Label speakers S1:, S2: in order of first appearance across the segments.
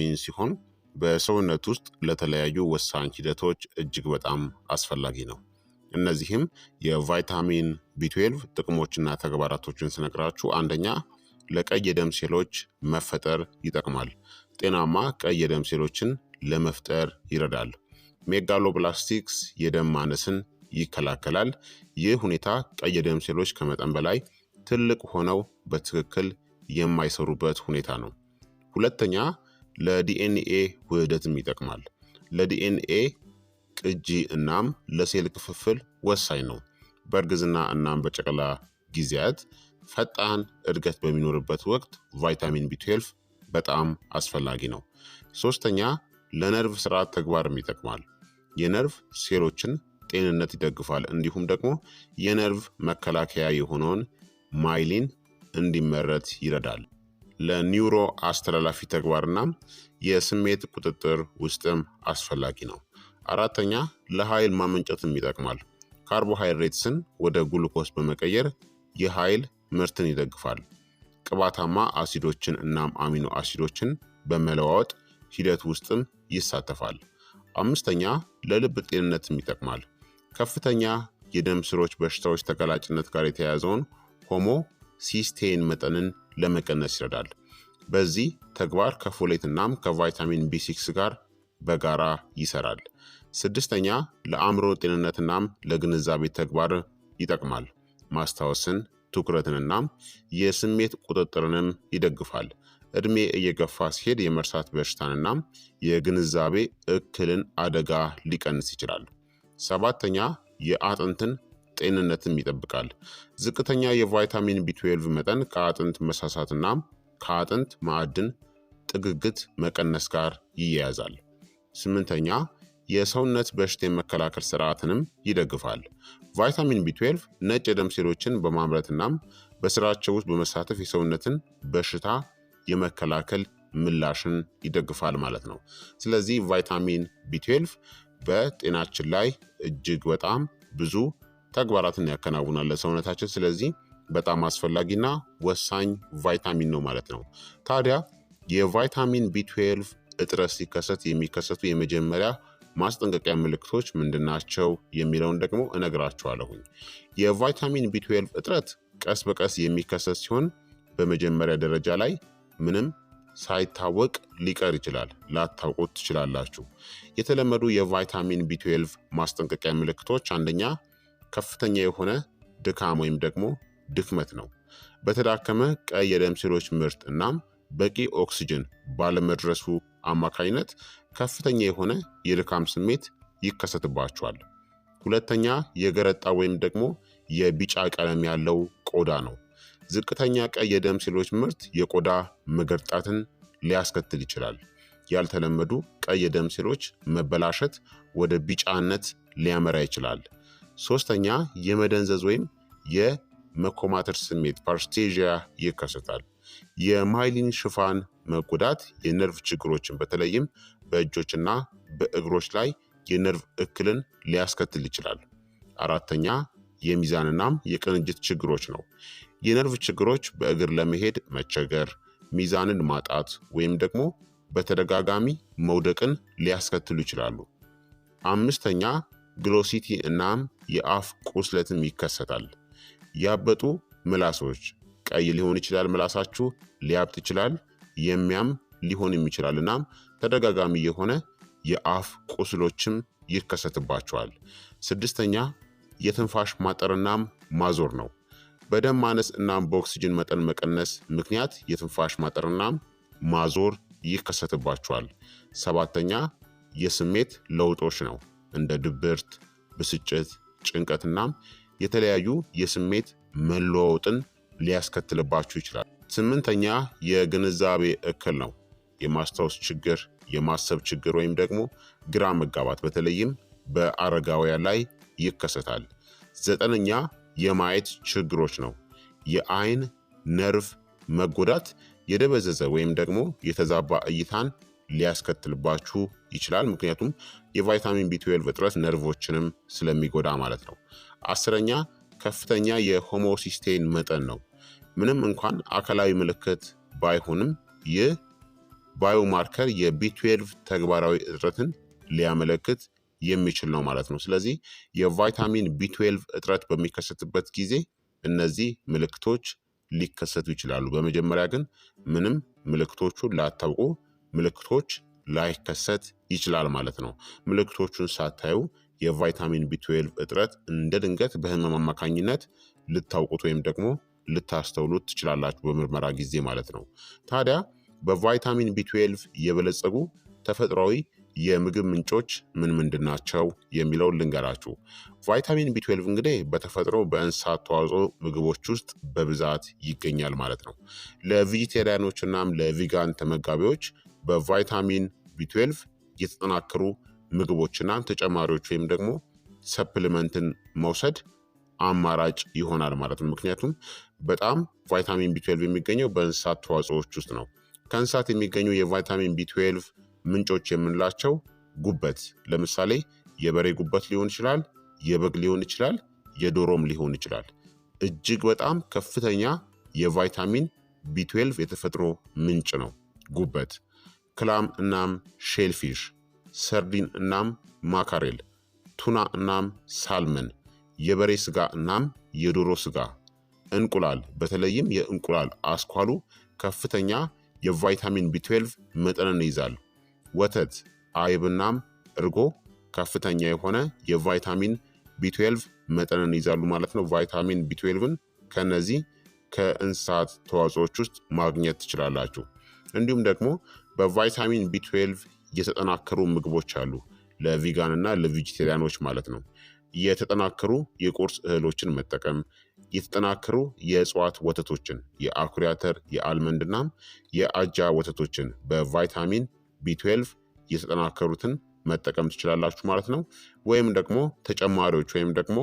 S1: ቫይታሚን ሲሆን በሰውነት ውስጥ ለተለያዩ ወሳኝ ሂደቶች እጅግ በጣም አስፈላጊ ነው። እነዚህም የቫይታሚን ቢ12 ጥቅሞችና ተግባራቶችን ስነግራችሁ፣ አንደኛ ለቀይ የደም ሴሎች መፈጠር ይጠቅማል። ጤናማ ቀይ የደም ሴሎችን ለመፍጠር ይረዳል። ሜጋሎብላስቲክስ የደም ማነስን ይከላከላል። ይህ ሁኔታ ቀይ የደም ሴሎች ከመጠን በላይ ትልቅ ሆነው በትክክል የማይሰሩበት ሁኔታ ነው። ሁለተኛ ለዲኤንኤ ውህደትም ይጠቅማል። ለዲኤንኤ ቅጂ እናም ለሴል ክፍፍል ወሳኝ ነው። በእርግዝና እናም በጨቅላ ጊዜያት ፈጣን እድገት በሚኖርበት ወቅት ቫይታሚን ቢ12 በጣም አስፈላጊ ነው። ሶስተኛ ለነርቭ ስርዓት ተግባርም ይጠቅማል። የነርቭ ሴሎችን ጤንነት ይደግፋል፣ እንዲሁም ደግሞ የነርቭ መከላከያ የሆነውን ማይሊን እንዲመረት ይረዳል። ለኒውሮ አስተላላፊ ተግባርና የስሜት ቁጥጥር ውስጥም አስፈላጊ ነው። አራተኛ ለኃይል ማመንጨትም ይጠቅማል። ካርቦሃይድሬትስን ወደ ግሉኮስ በመቀየር የኃይል ምርትን ይደግፋል። ቅባታማ አሲዶችን እናም አሚኖ አሲዶችን በመለዋወጥ ሂደት ውስጥም ይሳተፋል። አምስተኛ ለልብ ጤንነትም ይጠቅማል። ከፍተኛ የደም ስሮች በሽታዎች ተጋላጭነት ጋር የተያያዘውን ሆሞ ሲስቴን መጠንን ለመቀነስ ይረዳል። በዚህ ተግባር ከፎሌት እናም ከቫይታሚን ቢ6 ጋር በጋራ ይሰራል። ስድስተኛ ለአእምሮ ጤንነትናም ለግንዛቤ ተግባር ይጠቅማል። ማስታወስን፣ ትኩረትንናም የስሜት ቁጥጥርንም ይደግፋል። እድሜ እየገፋ ሲሄድ የመርሳት በሽታንናም የግንዛቤ እክልን አደጋ ሊቀንስ ይችላል። ሰባተኛ የአጥንትን ጤንነትም ይጠብቃል። ዝቅተኛ የቫይታሚን ቢ12 መጠን ከአጥንት መሳሳትና ከአጥንት ማዕድን ጥግግት መቀነስ ጋር ይያያዛል። ስምንተኛ የሰውነት በሽታ የመከላከል ስርዓትንም ይደግፋል። ቫይታሚን ቢ12 ነጭ የደም ሴሎችን በማምረትናም በስራቸው ውስጥ በመሳተፍ የሰውነትን በሽታ የመከላከል ምላሽን ይደግፋል ማለት ነው። ስለዚህ ቫይታሚን ቢ12 በጤናችን ላይ እጅግ በጣም ብዙ ተግባራትን ያከናውናል ለሰውነታችን። ስለዚህ በጣም አስፈላጊና ወሳኝ ቫይታሚን ነው ማለት ነው። ታዲያ የቫይታሚን ቢ12 እጥረት ሲከሰት የሚከሰቱ የመጀመሪያ ማስጠንቀቂያ ምልክቶች ምንድናቸው? የሚለውን ደግሞ እነግራችኋለሁኝ። የቫይታሚን ቢ12 እጥረት ቀስ በቀስ የሚከሰት ሲሆን በመጀመሪያ ደረጃ ላይ ምንም ሳይታወቅ ሊቀር ይችላል። ላታውቁት ትችላላችሁ። የተለመዱ የቫይታሚን ቢ12 ማስጠንቀቂያ ምልክቶች አንደኛ ከፍተኛ የሆነ ድካም ወይም ደግሞ ድክመት ነው። በተዳከመ ቀይ የደም ሴሎች ምርት እናም በቂ ኦክሲጅን ባለመድረሱ አማካኝነት ከፍተኛ የሆነ የድካም ስሜት ይከሰትባቸዋል። ሁለተኛ የገረጣ ወይም ደግሞ የቢጫ ቀለም ያለው ቆዳ ነው። ዝቅተኛ ቀይ የደም ሴሎች ምርት የቆዳ መገርጣትን ሊያስከትል ይችላል። ያልተለመዱ ቀይ የደም ሴሎች መበላሸት ወደ ቢጫነት ሊያመራ ይችላል። ሶስተኛ የመደንዘዝ ወይም የመኮማተር ስሜት ፓርስቴዥያ ይከሰታል። የማይሊን ሽፋን መጎዳት የነርቭ ችግሮችን በተለይም በእጆችና በእግሮች ላይ የነርቭ እክልን ሊያስከትል ይችላል። አራተኛ የሚዛንናም የቅንጅት ችግሮች ነው። የነርቭ ችግሮች በእግር ለመሄድ መቸገር፣ ሚዛንን ማጣት ወይም ደግሞ በተደጋጋሚ መውደቅን ሊያስከትሉ ይችላሉ። አምስተኛ ግሎሲቲ እናም የአፍ ቁስለትም ይከሰታል። ያበጡ ምላሶች፣ ቀይ ሊሆን ይችላል ምላሳችሁ፣ ሊያብጥ ይችላል፣ የሚያም ሊሆንም ይችላል። እናም ተደጋጋሚ የሆነ የአፍ ቁስሎችም ይከሰትባቸዋል። ስድስተኛ የትንፋሽ ማጠርናም ማዞር ነው። በደም ማነስ እናም በኦክሲጅን መጠን መቀነስ ምክንያት የትንፋሽ ማጠርናም ማዞር ይከሰትባቸዋል። ሰባተኛ የስሜት ለውጦች ነው። እንደ ድብርት፣ ብስጭት፣ ጭንቀትና የተለያዩ የስሜት መለዋወጥን ሊያስከትልባችሁ ይችላል። ስምንተኛ የግንዛቤ እክል ነው። የማስታወስ ችግር፣ የማሰብ ችግር ወይም ደግሞ ግራ መጋባት በተለይም በአረጋውያን ላይ ይከሰታል። ዘጠነኛ የማየት ችግሮች ነው። የአይን ነርቭ መጎዳት የደበዘዘ ወይም ደግሞ የተዛባ እይታን ሊያስከትልባችሁ ይችላል። ምክንያቱም የቫይታሚን ቢትዌል እጥረት ነርቮችንም ስለሚጎዳ ማለት ነው። አስረኛ ከፍተኛ የሆሞሲስቴን መጠን ነው። ምንም እንኳን አካላዊ ምልክት ባይሆንም ይህ ባዮማርከር የቢ ተግባራዊ እጥረትን ሊያመለክት የሚችል ነው ማለት ነው። ስለዚህ የቫይታሚን ቢ እጥረት በሚከሰትበት ጊዜ እነዚህ ምልክቶች ሊከሰቱ ይችላሉ። በመጀመሪያ ግን ምንም ምልክቶቹን ላታውቁ ምልክቶች ላይከሰት ይችላል ማለት ነው። ምልክቶቹን ሳታዩ የቫይታሚን ቢ12 እጥረት እንደ ድንገት በህመም አማካኝነት ልታውቁት ወይም ደግሞ ልታስተውሉት ትችላላችሁ በምርመራ ጊዜ ማለት ነው። ታዲያ በቫይታሚን ቢ12 የበለጸጉ ተፈጥሯዊ የምግብ ምንጮች ምን ምንድን ናቸው የሚለውን ልንገራችሁ። ቫይታሚን ቢ12 እንግዲህ በተፈጥሮ በእንስሳት ተዋጽኦ ምግቦች ውስጥ በብዛት ይገኛል ማለት ነው። እናም ለቪጋን ተመጋቢዎች በቫይታሚን ቢ12 የተጠናከሩ ምግቦችና ተጨማሪዎች ወይም ደግሞ ሰፕሊመንትን መውሰድ አማራጭ ይሆናል ማለት ነው። ምክንያቱም በጣም ቫይታሚን ቢ12 የሚገኘው በእንስሳት ተዋጽኦዎች ውስጥ ነው። ከእንስሳት የሚገኙ የቫይታሚን ቢ12 ምንጮች የምንላቸው ጉበት፣ ለምሳሌ የበሬ ጉበት ሊሆን ይችላል፣ የበግ ሊሆን ይችላል፣ የዶሮም ሊሆን ይችላል። እጅግ በጣም ከፍተኛ የቫይታሚን ቢ12 የተፈጥሮ ምንጭ ነው ጉበት። ክላም እናም ሼልፊሽ፣ ሰርዲን እናም ማካሬል፣ ቱና እናም ሳልመን፣ የበሬ ስጋ እናም የዶሮ ስጋ፣ እንቁላል በተለይም የእንቁላል አስኳሉ ከፍተኛ የቫይታሚን ቢ12 መጠንን ይዛል። ወተት፣ አይብናም እርጎ ከፍተኛ የሆነ የቫይታሚን ቢ12 መጠንን ይዛሉ ማለት ነው። ቫይታሚን ቢ12ን ከነዚህ ከእንስሳት ተዋጽኦች ውስጥ ማግኘት ትችላላችሁ። እንዲሁም ደግሞ በቫይታሚን ቢ12 የተጠናከሩ ምግቦች አሉ። ለቪጋን እና ለቪጂቴሪያኖች ማለት ነው። የተጠናከሩ የቁርስ እህሎችን መጠቀም፣ የተጠናከሩ የእጽዋት ወተቶችን የአኩሪ አተር፣ የአልመንድ እናም የአጃ ወተቶችን በቫይታሚን ቢ12 የተጠናከሩትን መጠቀም ትችላላችሁ ማለት ነው። ወይም ደግሞ ተጨማሪዎች ወይም ደግሞ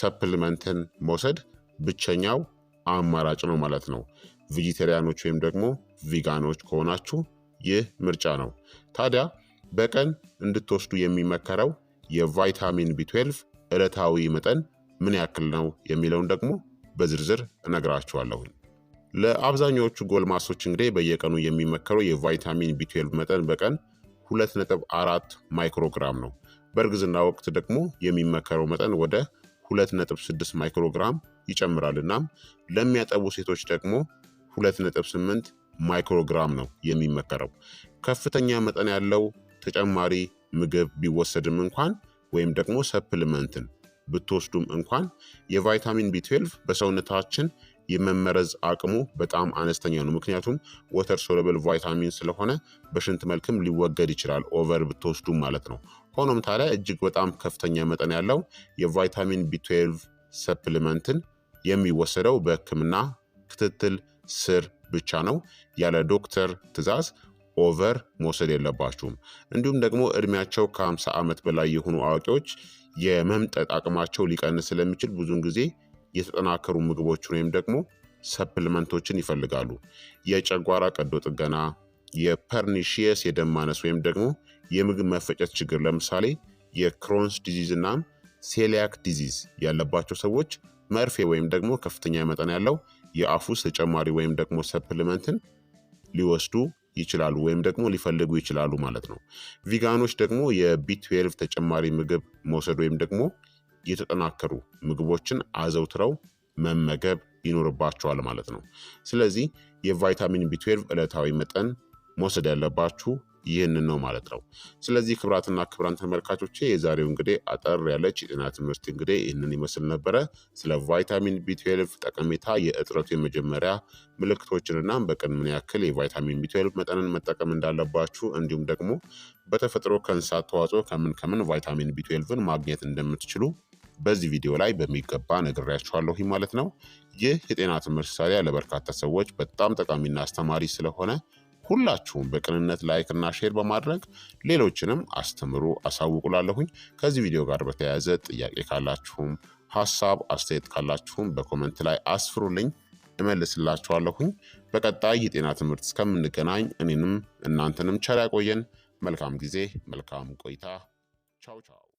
S1: ሰፕልመንትን መውሰድ ብቸኛው አማራጭ ነው ማለት ነው። ቪጂቴሪያኖች ወይም ደግሞ ቪጋኖች ከሆናችሁ ይህ ምርጫ ነው። ታዲያ በቀን እንድትወስዱ የሚመከረው የቫይታሚን ቢ12 ዕለታዊ መጠን ምን ያክል ነው የሚለውን ደግሞ በዝርዝር እነግራችኋለሁኝ። ለአብዛኛዎቹ ጎልማሶች እንግዲህ በየቀኑ የሚመከረው የቫይታሚን ቢ12 መጠን በቀን 2.4 ማይክሮግራም ነው። በእርግዝና ወቅት ደግሞ የሚመከረው መጠን ወደ 2.6 ማይክሮግራም ይጨምራል። እናም ለሚያጠቡ ሴቶች ደግሞ 2.8 ማይክሮግራም ነው የሚመከረው። ከፍተኛ መጠን ያለው ተጨማሪ ምግብ ቢወሰድም እንኳን ወይም ደግሞ ሰፕልመንትን ብትወስዱም እንኳን የቫይታሚን ቢ12 በሰውነታችን የመመረዝ አቅሙ በጣም አነስተኛ ነው። ምክንያቱም ወተር ሶለብል ቫይታሚን ስለሆነ በሽንት መልክም ሊወገድ ይችላል ኦቨር ብትወስዱ ማለት ነው። ሆኖም ታዲያ እጅግ በጣም ከፍተኛ መጠን ያለው የቫይታሚን ቢ12 ሰፕሊመንትን የሚወሰደው በሕክምና ክትትል ስር ብቻ ነው ያለ ዶክተር ትዕዛዝ ኦቨር መውሰድ የለባችሁም። እንዲሁም ደግሞ እድሜያቸው ከ50 ዓመት በላይ የሆኑ አዋቂዎች የመምጠጥ አቅማቸው ሊቀንስ ስለሚችል ብዙውን ጊዜ የተጠናከሩ ምግቦችን ወይም ደግሞ ሰፕልመንቶችን ይፈልጋሉ። የጨጓራ ቀዶ ጥገና፣ የፐርኒሺየስ የደም ማነስ ወይም ደግሞ የምግብ መፈጨት ችግር ለምሳሌ የክሮንስ ዲዚዝ እናም ሴሊያክ ዲዚዝ ያለባቸው ሰዎች መርፌ ወይም ደግሞ ከፍተኛ መጠን ያለው የአፍ ውስጥ ተጨማሪ ወይም ደግሞ ሰፕሊመንትን ሊወስዱ ይችላሉ ወይም ደግሞ ሊፈልጉ ይችላሉ ማለት ነው። ቪጋኖች ደግሞ የቢ ተጨማሪ ምግብ መውሰድ ወይም ደግሞ የተጠናከሩ ምግቦችን አዘውትረው መመገብ ይኖርባቸዋል ማለት ነው። ስለዚህ የቫይታሚን ቢትዌልቭ ዕለታዊ መጠን መውሰድ ያለባችሁ ይህንን ነው ማለት ነው። ስለዚህ ክብራትና ክብራን ተመልካቾቼ የዛሬው እንግዲህ አጠር ያለች የጤና ትምህርት እንግዲህ ይህንን ይመስል ነበረ። ስለ ቫይታሚን ቢ12 ጠቀሜታ፣ የእጥረቱ የመጀመሪያ ምልክቶችንና በቀን ምን ያክል የቫይታሚን ቢ12 መጠንን መጠቀም እንዳለባችሁ እንዲሁም ደግሞ በተፈጥሮ ከእንስሳት ተዋጽኦ ከምን ከምን ቫይታሚን ቢ12ን ማግኘት እንደምትችሉ በዚህ ቪዲዮ ላይ በሚገባ ነግሬያችኋለሁ ማለት ነው። ይህ የጤና ትምህርት ሳሪያ ለበርካታ ሰዎች በጣም ጠቃሚና አስተማሪ ስለሆነ ሁላችሁም በቅንነት ላይክ እና ሼር በማድረግ ሌሎችንም አስተምሩ፣ አሳውቁላለሁኝ። ከዚህ ቪዲዮ ጋር በተያያዘ ጥያቄ ካላችሁም ሀሳብ አስተያየት ካላችሁም በኮመንት ላይ አስፍሩልኝ፣ እመልስላችኋለሁኝ። በቀጣይ የጤና ትምህርት እስከምንገናኝ እኔንም እናንተንም ቸር ያቆየን። መልካም ጊዜ፣ መልካም ቆይታ። ቻው ቻው።